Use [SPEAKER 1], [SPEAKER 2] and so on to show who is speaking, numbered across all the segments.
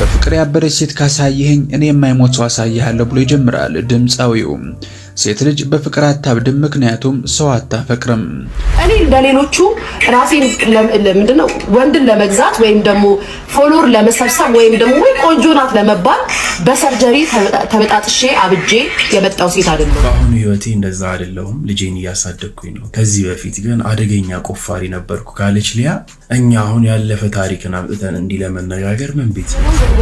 [SPEAKER 1] በፍቅር ያበረች ሴት ካሳይህኝ እኔ የማይሞተው ሰው አሳይሃለሁ ብሎ ይጀምራል ድምፃዊው። ሴት ልጅ በፍቅር አታብድም፣ ምክንያቱም ሰው አታፈቅርም።
[SPEAKER 2] እኔ እንደሌሎቹ ራሴን ምንድነው ወንድን ለመግዛት ወይም ደግሞ ፎሎር ለመሰብሰብ ወይም ደግሞ ወይ ቆንጆ ናት ለመባል በሰርጀሪ ተበጣጥሼ አብጄ የመጣው ሴት አይደለም።
[SPEAKER 1] በአሁኑ ህይወቴ እንደዛ አይደለሁም፣ ልጄን እያሳደግኩኝ ነው። ከዚህ በፊት ግን አደገኛ ቆፋሪ ነበርኩ ካለች ሊያ እኛ አሁን ያለፈ ታሪክን አምጥተን እንዲህ ለመነጋገር ምን ቤት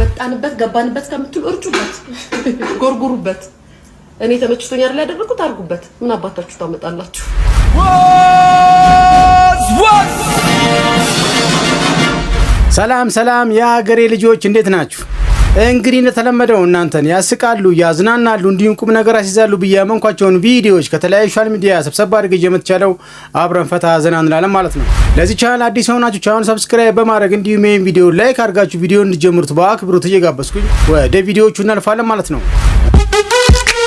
[SPEAKER 2] ወጣንበት ገባንበት ከምትሉ እርጩበት፣ ጎርጉሩበት እኔ ተመችቶኝ አይደል ያደረኩት፣ አድርጉበት። ምን አባታችሁ ታመጣላችሁ?
[SPEAKER 1] ሰላም ሰላም፣ የሀገሬ ልጆች እንዴት ናችሁ? እንግዲህ እንደተለመደው እናንተን ያስቃሉ፣ ያዝናናሉ እንዲሁም ቁም ነገር አስይዛሉ ብዬ ያመንኳቸውን ቪዲዮዎች ከተለያዩ ሶሻል ሚዲያ ሰብሰብ አድርገ የምትቻለው አብረን ፈታ ዘና እንላለን ማለት ነው። ለዚህ ቻናል አዲስ የሆናችሁ ቻናሉን ሰብስክራይብ በማድረግ እንዲሁም ይህን ቪዲዮ ላይክ አድርጋችሁ ቪዲዮ እንዲጀምሩት በአክብሮት እየጋበዝኩኝ ወደ ቪዲዮዎቹ እናልፋለን ማለት ነው።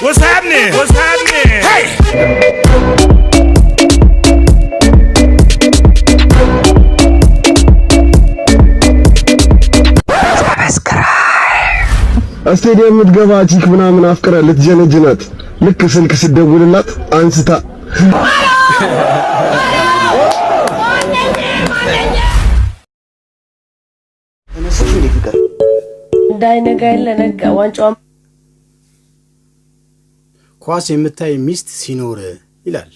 [SPEAKER 1] What's happening? What's happening? Hey!
[SPEAKER 3] ስቴዲየም የምትገባ ቺክ ምናምን አፍቅራ ልትጀነጅናት ልክ ስልክ ስደውልላት አንስታ
[SPEAKER 2] እንዳይነጋ የለ ነጋ ዋንጫ
[SPEAKER 1] ኳስ የምታይ ሚስት ሲኖር ይላል።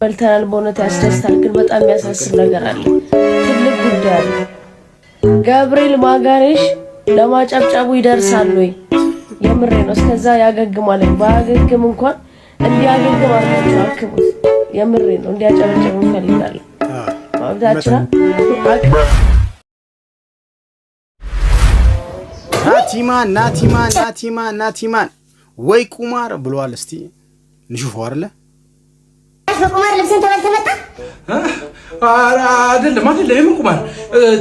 [SPEAKER 2] በልተናል፣ በእውነት ያስደስታል። ግን በጣም የሚያሳስብ ነገር አለ፣ ትልቅ ጉዳይ አለ። ገብርኤል ማጋሬሽ ለማጨብጨቡ ይደርሳል ወይ? የምሬ ነው። እስከዛ ያገግማል። ባያገግም እንኳን እንዲያገግም አርጋችሁ አክቡት። የምሬ ነው። እንዲያጨበጨቡ እንፈልጋለን።
[SPEAKER 1] ናቲማን ናቲማን ናቲማን ናቲማን ወይ ቁማር ብለዋል። እስቲ ንሹፎ አለ
[SPEAKER 2] ቁማር ልብስን ተበልተ
[SPEAKER 1] አረ አይደለም አይደለም። የምን ቁማር?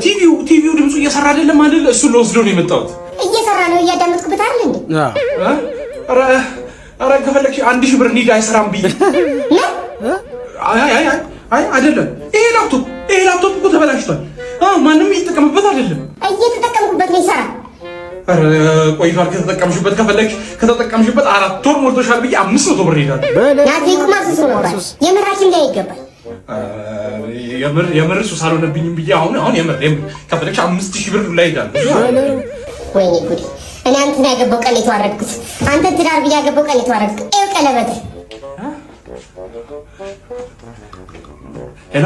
[SPEAKER 1] ቲቪው ቲቪው ድምፁ እየሰራ አይደለም አይደል? እሱን ለወስዶ ነው የመጣሁት።
[SPEAKER 2] እየሰራ ነው እያዳመጥኩበት አይደል እንዴ?
[SPEAKER 1] አረ አረ ከፈለግሽ አንድ ሺህ ብር እንሂድ። አይሰራም ብዬ አይ አይ አይ አይደለም። ይሄ ላፕቶፕ ይሄ ላፕቶፕ እኮ ተበላሽቷል። ማንም እየተጠቀምበት አይደለም።
[SPEAKER 2] እየተጠቀምኩበት ነው ይሰራል
[SPEAKER 1] ቆይቷል ከተጠቀምሽበት፣ ከፈለግሽ ከተጠቀምሽበት አራት ወር ሞልቶሻል ብዬ አምስት መቶ ብር ይሄዳል። የምር የምር ሱስ አልሆነብኝም ብዬ አሁን አሁን የምር ከፈለግሽ አምስት ሺህ ብር ላይ ይሄዳል።
[SPEAKER 2] ወይኔ ጉዴ! እኔ አንተን ያገባው ቀን የተዋረድኩት አንተን ትዳር ብዬ ያገባው ቀን የተዋረድኩት ይኸው ቀለበት
[SPEAKER 1] ሄሎ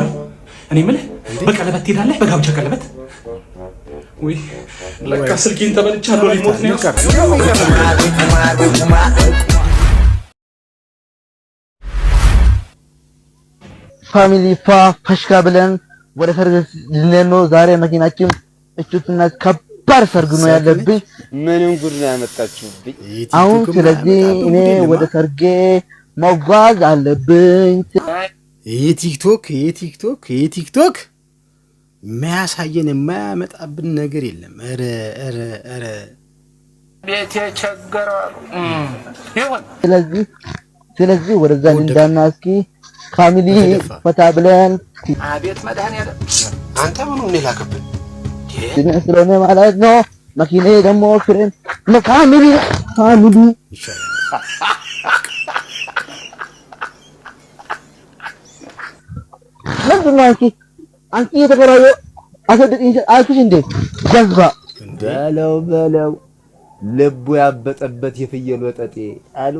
[SPEAKER 1] እኔ የምልህ በቀለበት ትሄዳለህ? በጋብቻ ቀለበት ፋሚሊ ፋ ፈሽካ ብለን ወደ ሰርግ ልንሄድ ነው። ዛሬ መኪናችን እቹትና ከባድ ሰርግ ነው ያለብኝ። ምንም ጉድ ነው ያመጣችሁብኝ አሁን። ስለዚህ እኔ ወደ ሰርጌ መጓዝ አለብኝ። ይህ ቲክቶክ ይህ ቲክቶክ ይህ ቲክቶክ የማያሳየን የማያመጣብን ነገር የለም። ኧረ ኧረ ኧረ ቤት የቸገራሉ ይሁን። ስለዚህ ስለዚህ ወደዛ እንዳና እስኪ ፋሚሊ ፈታ ብለን አቤት መድኃኒዓለም አንተ ምኑ ላክብን ስለሆነ ማለት ነው። መኪኔ ደግሞ ፍሬን ፋሚሊ ፋሚሊ ምንድን ነው አንቺ እየተፈራዩ አሰደኝ አልኩሽ እንዴ ጀዝባ በለው በለው ልቡ ያበጠበት የፍየል ወጠጤ አሉ።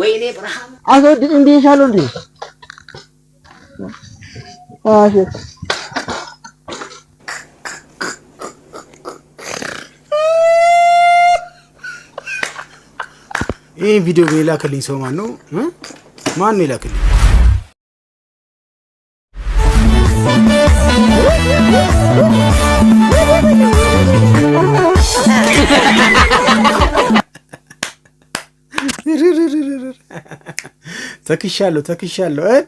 [SPEAKER 2] ወይኔ ብርሃን
[SPEAKER 1] አሰደኝ እንዴ ይሻለው እንዴ አሽ ይህን ቪዲዮ የላክልኝ ሰው ማን ነው? ማን ነው የላክልኝ? ተክሻለሁ ተክሻለሁ።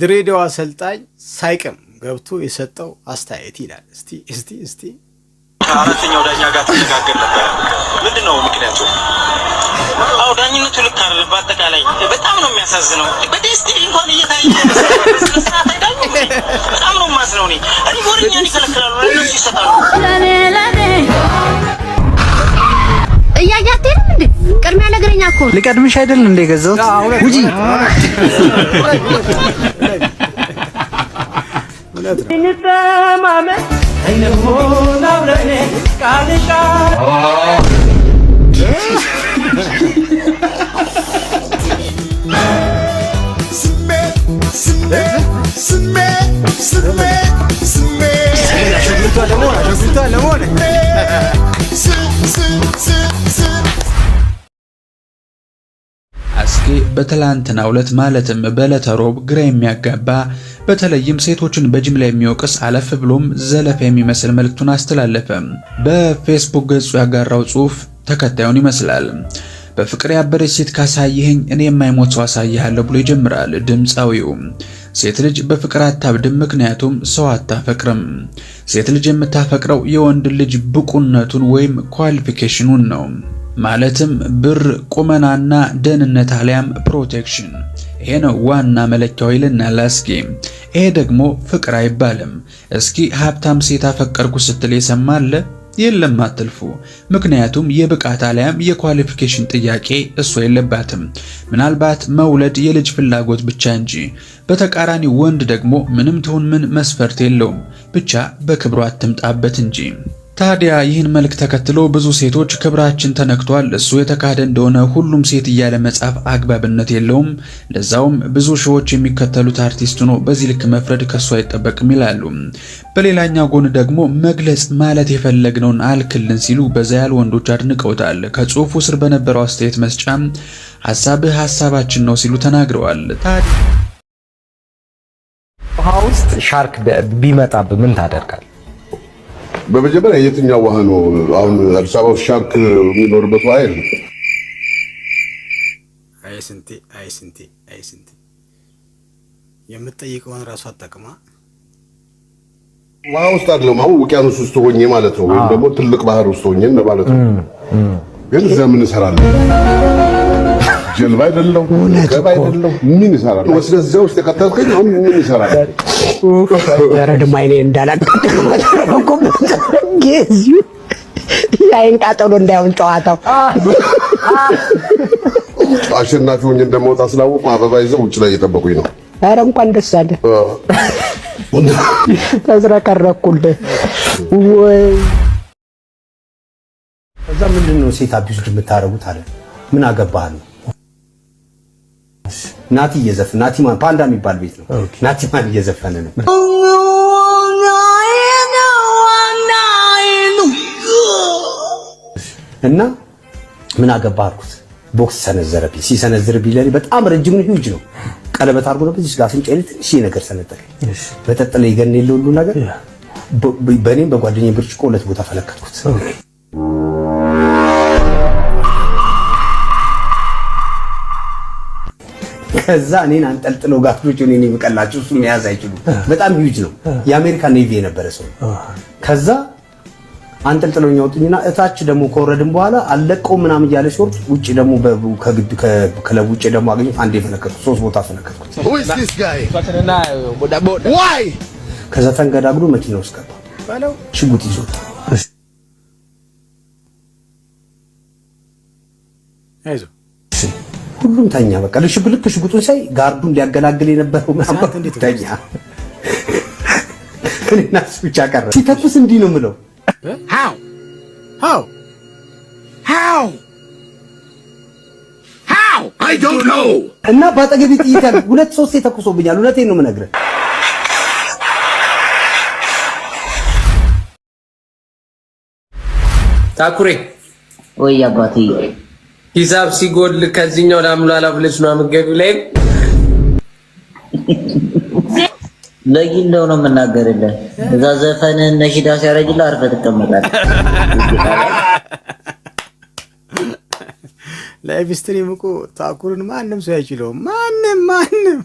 [SPEAKER 1] የድሬዳዋ አሰልጣኝ ሳይቅም ገብቶ የሰጠው አስተያየት ይላል። እስቲ እስቲ እስቲ አራተኛው ዳኛ ጋር ተነጋገር ነበረ። ምንድን ነው ምክንያቱ? አዎ ዳኝነቱ ልክ አይደለም። በአጠቃላይ በጣም ነው የሚያሳዝነው። በቴስቲቪ እንኳን
[SPEAKER 2] እየታየ በጣም ነው ማዝነው። እኔ ሪቦርኛን ይከለክላሉ፣ እነሱ ይሰጣሉ እያየህ አትሄድም እንዴ? ቅድሚያ ነገረኛ እኮ
[SPEAKER 1] ልቀድምሽ አይደል እንደ ገዛሁት ውጪ ስሜ ስሜ ስሜ በትላንትና ዕለት ማለትም በዕለተ ሮብ ግራ የሚያጋባ በተለይም ሴቶችን በጅምላ የሚወቅስ አለፍ ብሎም ዘለፋ የሚመስል መልእክቱን አስተላለፈ። በፌስቡክ ገጹ ያጋራው ጽሑፍ ተከታዩን ይመስላል። በፍቅር ያበረች ሴት ካሳየኸኝ እኔ የማይሞት ሰው አሳይሃለሁ ብሎ ይጀምራል ድምፃዊው። ሴት ልጅ በፍቅር አታብድም፣ ምክንያቱም ሰው አታፈቅርም። ሴት ልጅ የምታፈቅረው የወንድ ልጅ ብቁነቱን ወይም ኳሊፊኬሽኑን ነው። ማለትም ብር፣ ቁመናና ደህንነት አሊያም ፕሮቴክሽን። ይሄ ነው ዋና መለኪያው ይልና ላስኪ። ይሄ ደግሞ ፍቅር አይባልም። እስኪ ሀብታም ሴት አፈቀርኩ ስትል የሰማለ የለም አትልፉ። ምክንያቱም የብቃት አሊያም የኳሊፊኬሽን ጥያቄ እሷ የለባትም። ምናልባት መውለድ የልጅ ፍላጎት ብቻ እንጂ። በተቃራኒ ወንድ ደግሞ ምንም ትሁን ምን መስፈርት የለውም፣ ብቻ በክብሯ አትምጣበት እንጂ ታዲያ ይህን መልክ ተከትሎ ብዙ ሴቶች ክብራችን ተነክቷል፣ እሱ የተካደ እንደሆነ ሁሉም ሴት እያለ መጻፍ አግባብነት የለውም፣ ለዛውም ብዙ ሺዎች የሚከተሉት አርቲስት ነው፣ በዚህ ልክ መፍረድ ከሱ አይጠበቅም ይላሉ። በሌላኛ ጎን ደግሞ መግለጽ ማለት የፈለግነውን አልክልን ሲሉ በዛ ያሉ ወንዶች አድንቀውታል። ከጽሁፉ ስር በነበረው አስተያየት መስጫም ሀሳብህ ሀሳባችን ነው ሲሉ ተናግረዋል። ውሃ ውስጥ ሻርክ ቢመጣብ ምን ታደርጋል?
[SPEAKER 3] በመጀመሪያ የትኛው ውሃ ነው? አሁን አዲስ አበባ ውስጥ የሚኖርበት ውሃ የለም።
[SPEAKER 1] አይ ስንቴ አይ ስንቴ አይ ስንቴ የምትጠይቀውን ራሱ አጠቅማ
[SPEAKER 3] ውሃ ውስጥ አይደለም። አሁን ውቅያኖስ ውስጥ ሆኜ ማለት ነው፣ ወይም ደግሞ ትልቅ ባህር ውስጥ ሆኜ ማለት ነው። ግን እዚያ ምን እሰራለሁ? ጀልባ አይደለው ምን ይሰራል? ውስጥ አሁን ምን ይሰራል?
[SPEAKER 1] አይኔ ቃጠሎ እንዳይሆን ጨዋታው
[SPEAKER 3] አሸናፊ ሆኜ እንደመውጣ ስላወቁ አበባ ይዘው ውጭ ላይ እየጠበቁኝ ነው።
[SPEAKER 1] ኧረ እንኳን ደስ አለ ተዝረከረኩልህ ወይ? ምንድን ነው ሴት አቢዙድ የምታደርጉት አለ። ምን አገባህ ነው ናቲ እየዘፈ ናቲ ማን ፓንዳ የሚባል ቤት ነው። ናቲ ማን እየዘፈነ ነው። እና ምን አገባህ አልኩት። ቦክስ ሰነዘረብኝ። ሲሰነዝርብኝ ለኔ በጣም ረጅም ነው፣ ሂውጅ ነው። ቀለበት አድርጎ ነበር። እዚህ ጋር አፍንጫዬ ላይ ትንሽ ነገር ሰነጠቀ። በጠጥ ላይ ገና የለ ሁሉ ነገር በእኔም በጓደኛዬ ብርጭቆ ሁለት ቦታ ፈለከትኩት። ከዛ እኔን አንጠልጥሎ ጋትሎች ሆኔ የሚቀላቸው እሱ መያዝ አይችሉም። በጣም ዩጅ ነው። የአሜሪካ ኔቪ የነበረ ሰው ከዛ አንጠልጥለውኝ አውጡኝና እታች ደግሞ ከወረድን በኋላ አለቀው ምናም እያለ ሲወርድ ውጭ ደግሞ ከግድ ከክለብ ውጭ ደግሞ አገኘ አንድ ፈነከትኩት፣ ሶስት ቦታ ፈነከትኩት። uh, ከዛ ተንገዳግዶ መኪና ውስጥ ገባ፣ ሽጉጥ ይዞ ወጣ። አይዞህ ሁሉም ተኛ። በቃ ልክ ሽጉጡን ሳይ ጋርዱን ሊያገላግል የነበረው ተኛ። እኔና እሱ ብቻ ቀረ። ሲተኩስ እንዲህ ነው የምለው እና በአጠገቤ ጥይት ያለ ሁለት ሶስት የተኩሶብኛል። እውነቴን ነው የምነግርህ። ታኩሬ ወይ አባቴ ሂሳብ ሲጎል ከዚህኛው ላምላላ ብለች ነው መንገዱ ላይ ለጊለው ነው የምናገርልህ። እዛ ዘፈን ነሽዳ ሲያረጅልህ አርፈ ትቀመጣለህ። ላይቭ ስትሪም እኮ ታኩርን ማንም ሰው አይችለውም። ማንም ማንም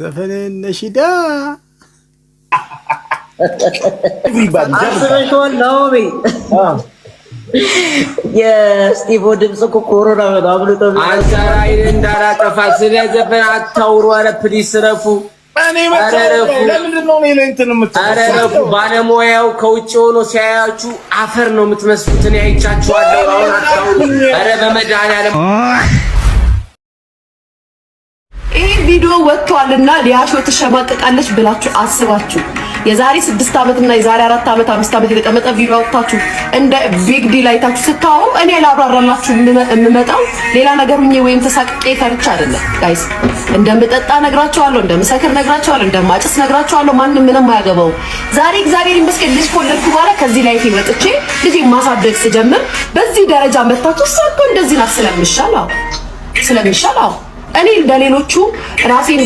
[SPEAKER 1] ዘፈን ነሽዳ አስበሽዋል ናኦሚ የስቲቮ ድምፅ እኮ ኮሮና ምናምን አንሰራይን እንዳላጠፋ ስለ ዘፈን አታውሩ። ኧረ ፕሊስ ረፉ። ረፉ። ባለሙያው ከውጭ ሆኖ ሲያያችሁ አፈር ነው የምትመስሉት። እኔ አይቻችኋለሁ። አሁን አታውሩ። ኧረ በመድኃኒዓለም
[SPEAKER 2] ይህ ቪዲዮ ወጥቷልና ሊያሾ ትሸማቀቃለች ብላችሁ አስባችሁ የዛሬ ስድስት ዓመት እና የዛሬ አራት ዓመት አምስት ዓመት የተቀመጠ ቪዲዮ አውጥታችሁ እንደ ቢግ ዲል አይታችሁ ስታወሩ እኔ ላብራራላችሁ የምመጣው ሌላ ነገር ሁኜ ወይም ተሳቅቄ ፈርቻ አይደለም። ጋይስ እንደምጠጣ ነግራችኋለሁ፣ እንደምሰክር ነግራችኋለሁ፣ እንደማጨስ ነግራችኋለሁ። ማንም ምንም አያገባው። ዛሬ እግዚአብሔር ይመስገን ልጅ ከወለድኩ በኋላ ከዚህ ላይፍ መጥቼ ልጅ ማሳደግ ስጀምር በዚህ ደረጃ መታችሁ ሰጥቶ እንደዚህ ናት ስለምሻል አዎ ስለምሻል አዎ እኔ እንደሌሎቹ ራሴን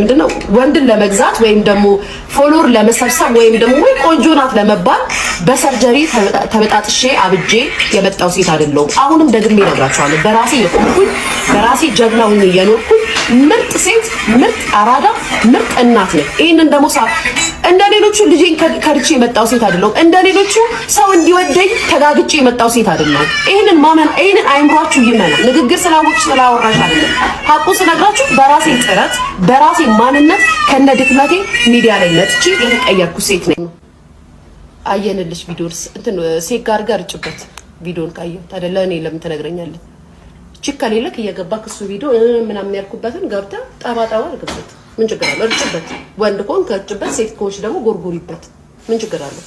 [SPEAKER 2] ምንድን ወንድን ለመግዛት ወይም ደግሞ ፎሎር ለመሰብሰብ ወይም ደግሞ ወይ ቆንጆ ናት ለመባል በሰርጀሪ ተበጣጥሼ አብጄ የመጣው ሴት አይደለሁም። አሁንም ደግሜ እነግራቸዋለሁ። በራሴ የቆምኩኝ በራሴ ጀግና ሁኝ የኖርኩኝ ምርጥ ሴት፣ ምርጥ አራዳ፣ ምርጥ እናት ነኝ። ይህንን ደግሞ እንደ ሌሎቹ ልጄን ከድቼ የመጣው ሴት አይደለሁም። እንደ ሌሎቹ ሰው እንዲወደኝ ተጋግጬ የመጣው ሴት አይደለሁም። ይሄንን ማመን ይሄንን አይምሯችሁ ይመና ንግግር ስላወቅሽ ስላወራሽ አይደለም። ሀቁ ስነግራችሁ በራሴ ጥረት በራሴ ማንነት ከነ ድክመቴ ሚዲያ ላይ መጥቼ የተቀየርኩ ሴት ነኝ። አየንልሽ ቪዲዮ እንትን ሴት ጋር ጋር እርጭበት ቪዲዮን ካየ ታዲያ ለእኔ ለምን ትነግረኛለህ? ችካ ሌለክ እየገባ ክሱ ቪዲዮ ምናምን ያልኩበትን ገብተህ ጠባጠባ አድርግበት። ምን ችግር አለው? እርጭበት። ወንድ ከሆንክ እርጭበት፣ ሴት ከሆንሽ ደግሞ ጎርጎሪበት። ምን ችግር አለው?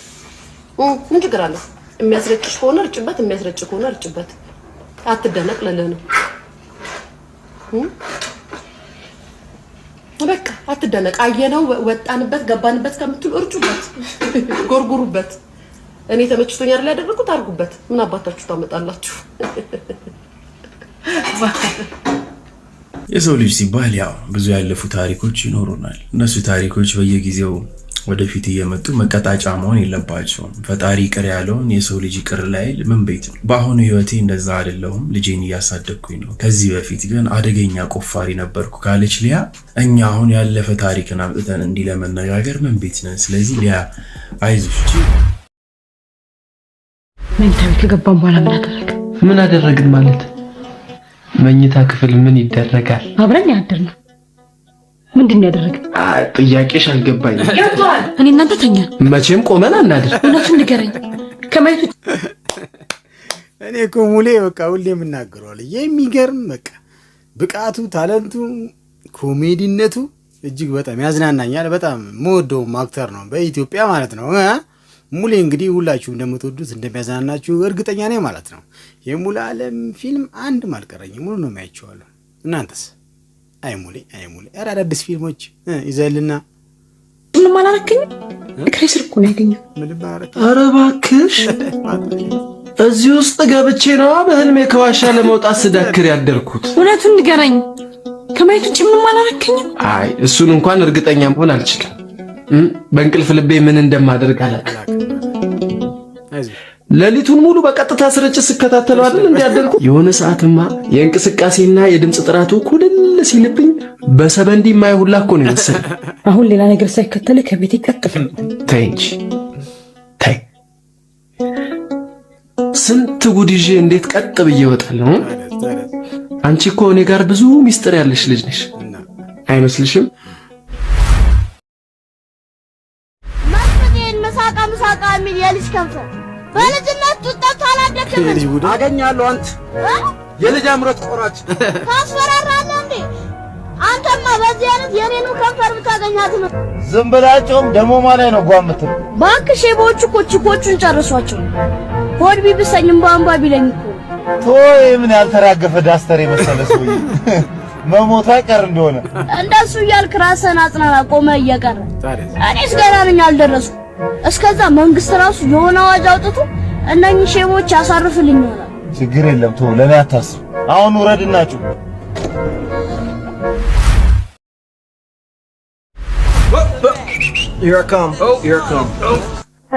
[SPEAKER 2] ምን ችግር አለው? የሚያስረጭሽ ከሆነ እርጭበት፣ የሚያስረጭ ከሆነ እርጭበት። አትደነቅ ልልህ ነው። በቃ አትደነቅ። አየነው፣ ወጣንበት፣ ገባንበት ከምትሉ እርጩበት፣ ጎርጉሩበት። እኔ ተመችቶኝ አይደል ያደረኩት፣ አድርጉበት። ምን አባታችሁ ታመጣላችሁ?
[SPEAKER 1] የሰው ልጅ ሲባል ያው ብዙ ያለፉ ታሪኮች ይኖሩናል። እነሱ ታሪኮች በየጊዜው ወደፊት እየመጡ መቀጣጫ መሆን የለባቸውም። ፈጣሪ ቅር ያለውን የሰው ልጅ ቅር ላይል ምን ቤት ነው? በአሁኑ ህይወቴ እንደዛ አይደለሁም፣ ልጄን እያሳደግኩኝ ነው። ከዚህ በፊት ግን አደገኛ ቆፋሪ ነበርኩ ካለች ሊያ፣ እኛ አሁን ያለፈ ታሪክን አምጥተን እንዲህ ለመነጋገር ምን ቤት ነን? ስለዚህ ሊያ አይዞች።
[SPEAKER 2] መኝታ ቤት ከገባን በኋላ ምን አደረግ
[SPEAKER 1] ምን አደረግን ማለት መኝታ ክፍል ምን ይደረጋል?
[SPEAKER 2] አብረን ያደር ነው። ምንድን ነው
[SPEAKER 1] ጥያቄሽ አልገባኝ። እኔ እናንተ ተኛ መቼም ቆመን አናድር።
[SPEAKER 2] እውነቱን ንገረኝ። ከመሬቱ
[SPEAKER 1] እኔ እኮ ሙሌ በቃ ሁሌ የምናገረዋል። የሚገርም በቃ ብቃቱ፣ ታለንቱ፣ ኮሜዲነቱ እጅግ በጣም ያዝናናኛል። በጣም መወደውም አክተር ነው በኢትዮጵያ ማለት ነው። ሙሌ እንግዲህ ሁላችሁ እንደምትወዱት እንደሚያዝናናችሁ እርግጠኛ ነኝ ማለት ነው። የሙሉ ዓለም ፊልም አንድም አልቀረኝም፣ ሙሉ ነው የማያቸዋለሁ። እናንተስ? አይ ሙሌ አይ ሙሌ፣ ኧረ አዳዲስ ፊልሞች ይዘልና
[SPEAKER 2] ምንም አላረከኝም። እግሬ ስር እኮ ነው ያገኘው።
[SPEAKER 1] ኧረ እባክሽ እዚህ ውስጥ ገብቼ ነዋ በህልሜ ከዋሻ ለመውጣት ስዳክር ያደርኩት።
[SPEAKER 2] እውነቱን ንገረኝ፣ ከማየት ውጭ ምንም አላረከኝም።
[SPEAKER 1] አይ እሱን እንኳን እርግጠኛ መሆን አልችልም። በእንቅልፍ ልቤ ምን እንደማደርግ አላውቅም። ሌሊቱን ሙሉ በቀጥታ ስርጭት ስከታተለው አይደል እንዲያደርኩ። የሆነ ሰዓትማ የእንቅስቃሴና የድምፅ ጥራቱ ኩልል ሲልብኝ በሰበንዲ ማይ እኮ ነው የመሰለኝ።
[SPEAKER 2] አሁን ሌላ ነገር ሳይከተል ከቤት ይቀጥፍ።
[SPEAKER 1] ተይ እንጂ ተይ። ስንት ጉድ ይዤ እንዴት ቀጥ ብዬ እወጣለሁ? አንቺ እኮ እኔ ጋር ብዙ ሚስጥር ያለሽ ልጅ ነሽ፣ አይመስልሽም?
[SPEAKER 2] መስፍን መሳቃ መሳቃ የሚል የልጅ ከንፈር በልጅነት ጡጠቱ አላደክም
[SPEAKER 1] አገኛለሁ። አንተ የልጅ አምሮት ቆራጭ
[SPEAKER 2] ታስፈራራለህ እንዴ? አንተማ በዚህ አይነት የኔኑ ከንፈር ብታገኛት ነው።
[SPEAKER 1] ዝም ብላቸውም ደሞማ ላይ ነው ጓምት።
[SPEAKER 2] እባክሽ ቦቹ ኮችኮቹን ጨርሷቸው። ሆድ ቢብሰኝም በአንባ ቢለኝ እኮ
[SPEAKER 1] ቶይ ምን ያልተራገፈ ዳስተር የመሰለ ሰውዬ መሞታ ቀር እንደሆነ
[SPEAKER 2] እንደሱ እያልክ ራስህን አጽናና። ቆመህ እየቀረ እኔስ ገና ነኝ አልደረስኩም። እስከዛ መንግስት ራሱ የሆነ አዋጅ አውጥቶ እነኚህ ሼሞች ያሳርፍልኝ ይሆናል።
[SPEAKER 1] ችግር የለም ተው፣ ለኔ አታስብ። አሁን ውረድናችሁ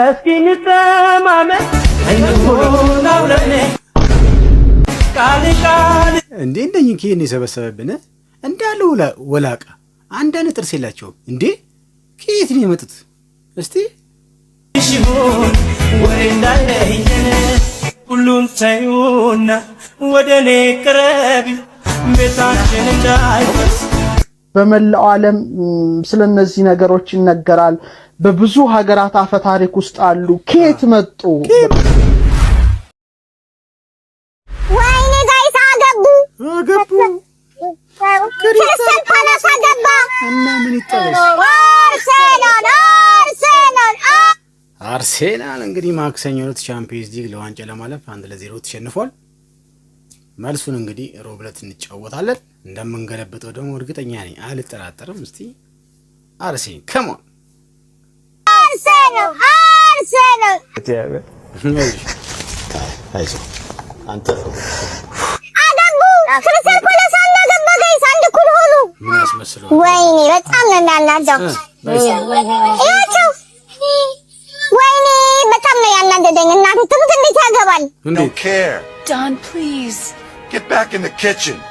[SPEAKER 1] እስኪ እንዴ እንደኝ ኬን የሰበሰበብን እንዳለ ወላቃ አንድ አይነት ጥርስ የላቸውም እንዴ ከየት ነው የመጡት እስቲ ልብሽ ይሁን እንዳለየን ሁሉን ተይውና ወደ እኔ ቅረቢ ቤታችን እንዳይፈርስ። በመላው ዓለም ስለ እነዚህ ነገሮች ይነገራል። በብዙ ሀገራት አፈ ታሪክ ውስጥ አሉ። ከየት መጡ?
[SPEAKER 2] ወይኔ ጋይስ አገቡ አገቡ ፓላስ አገባ
[SPEAKER 1] እና ምን ይጠበስ አርሴናል እንግዲህ ማክሰኞ ዕለት ቻምፒየንስ ሊግ ለዋንጫ ለማለፍ አንድ ለዜሮ ተሸንፏል። መልሱን እንግዲህ ሮብ ዕለት እንጫወታለን። እንደምንገለብጠው ደግሞ እርግጠኛ ነኝ፣ አልጠራጠርም። እስቲ አርሴ ከሞን
[SPEAKER 2] ምን ያስመስለው ወይኔ በጣም ነው Hindi gagawan.
[SPEAKER 4] Hindi. Don't care. Don, please. Get back in the kitchen.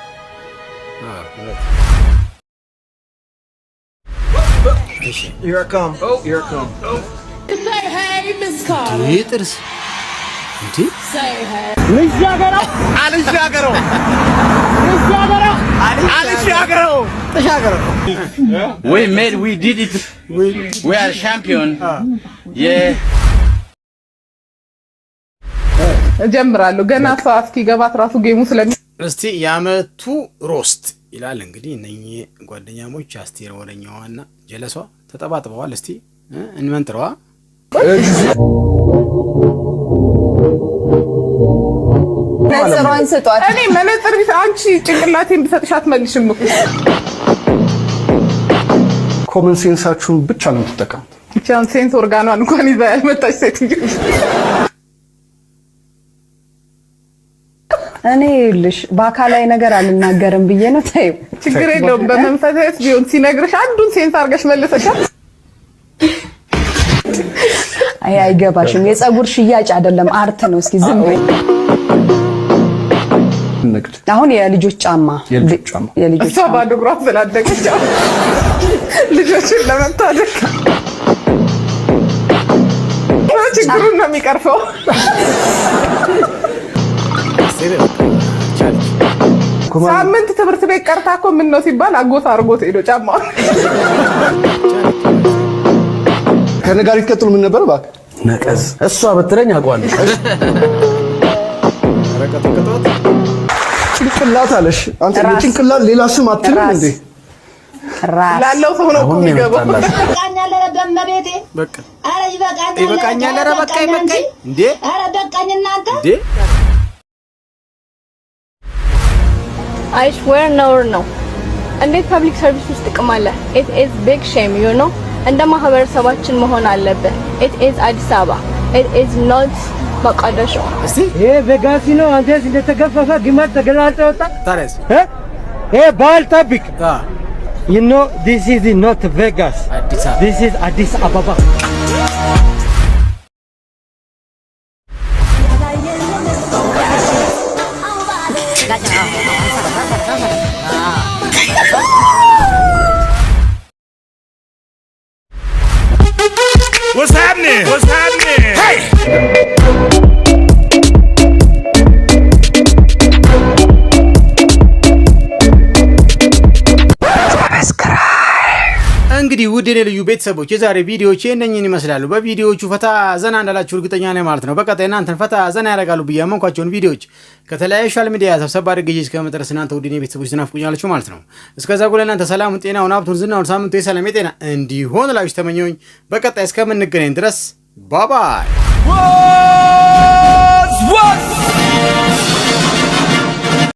[SPEAKER 4] Here I come. Oh, here I come. Oh. Say hey, Miss Carter.
[SPEAKER 1] Glitters. Say hey. Alicia Garo. Alicia Garo. Alicia Garo. Alicia
[SPEAKER 4] Garo. Alicia Garo. We made, we did it. We, we are champion. Ah. Yeah.
[SPEAKER 2] እጀምራለሁ ገና ሰው እስኪገባት ራሱ ጌሙ ስለሚ
[SPEAKER 1] እስቲ የአመቱ ሮስት ይላል እንግዲህ እነኚህ ጓደኛሞች አስቴር ወረኛዋና ጀለሷ ተጠባጥበዋል። እስቲ እንመንጥረዋ
[SPEAKER 2] መነጽሯን ስጧት። እኔ መነጽር አንቺ ጭንቅላቴን ብሰጥሽ አትመልሽም እኮ።
[SPEAKER 1] ኮመን ሴንሳችሁን ብቻ ነው የምትጠቀሙት።
[SPEAKER 2] ብቻውን ሴንስ ኦርጋኗን እንኳን ይዛ ያልመጣች ሴትዮ እኔ ይኸውልሽ በአካላዊ ነገር አልናገርም ብዬ ነው። ተይው፣ ችግር የለውም። በመንፈስ ቢሆን ሲነግርሽ አንዱን ሴንስ አድርገሽ መልሰሻል። አይ አይገባሽም። የፀጉር ሽያጭ አይደለም አርት ነው። እስኪ ዝም በይ። አሁን የልጆች ጫማ የልጆች ጫማ ባዶ እግሯ ስላደገች ልጆችን ለመታደግ ችግሩን ነው የሚቀርፈው። አስቤ ሳምንት ትምህርት ቤት ቀርታ እኮ ምን ነው ሲባል አጎት አርጎት ሄዶ ጫማ
[SPEAKER 1] ከነጋሪት ቀጥሎ ምን ነበር? እባክህ ነቀዝ እሷ በትለኝ አውቀዋለሁ። ጭንቅላት አለሽ አንተ። ጭንቅላት ሌላ ስም አትልም እንዴ?
[SPEAKER 2] ላለው ሰው ነው የሚገባው። ይበቃኛል፣ ኧረ በመቤቴ በቃ፣ ይበቃኛል፣ ኧረ በቃ ይበቃኝ እንዴ! ኧረ በቃኝ እናንተ እንዴ!
[SPEAKER 5] አይ ስዌር ነውር ነው። እንዴት ፐብሊክ ሰርቪስ ውስጥ ጥቅም አለ? ኢት ኢዝ ቢግ ሼም ዩ ኖ። እንደ ማህበረሰባችን መሆን አለብን። ኢት ኢዝ አዲስ አበባ ኢት ኢዝ ኖት መቃደሾ።
[SPEAKER 1] ይሄ ቬጋሲ ነው። አንተ እንደተገፈፈ ግመል ተገላልጦ ወጣ። ታዲያስ ይሄ ባህል ጠብቅ። ዩ ኖ ዲስ ኢዝ ኖት ቬጋስ ዲስ ኢዝ አዲስ አበባ እንግዲህ ውድ የኔ ልዩ ቤተሰቦች የዛሬ ቪዲዮዎች የእነኝን ይመስላሉ። በቪዲዮዎቹ ፈታ ዘና እንዳላችሁ እርግጠኛ ነኝ ማለት ነው። በቀጣይ እናንተን ፈታ ዘና ያደርጋሉ ብዬ አመንኳቸውን ቪዲዮዎች ከተለያዩ ሶሻል ሚዲያ ሰብሰባ አድርጌ እስከመጠረስ እናንተ ውድ የኔ ቤተሰቦች ትናፍቁኛላችሁ ማለት ነው። እስከዛ ጉላ እናንተ ሰላሙን፣ ጤናውን፣ ሀብቱን፣ ዝናውን ሳምንቱ የሰላም የጤና እንዲሆን ላችሁ ተመኘሁኝ። በቀጣይ እስከምንገናኝ ድረስ ባባይ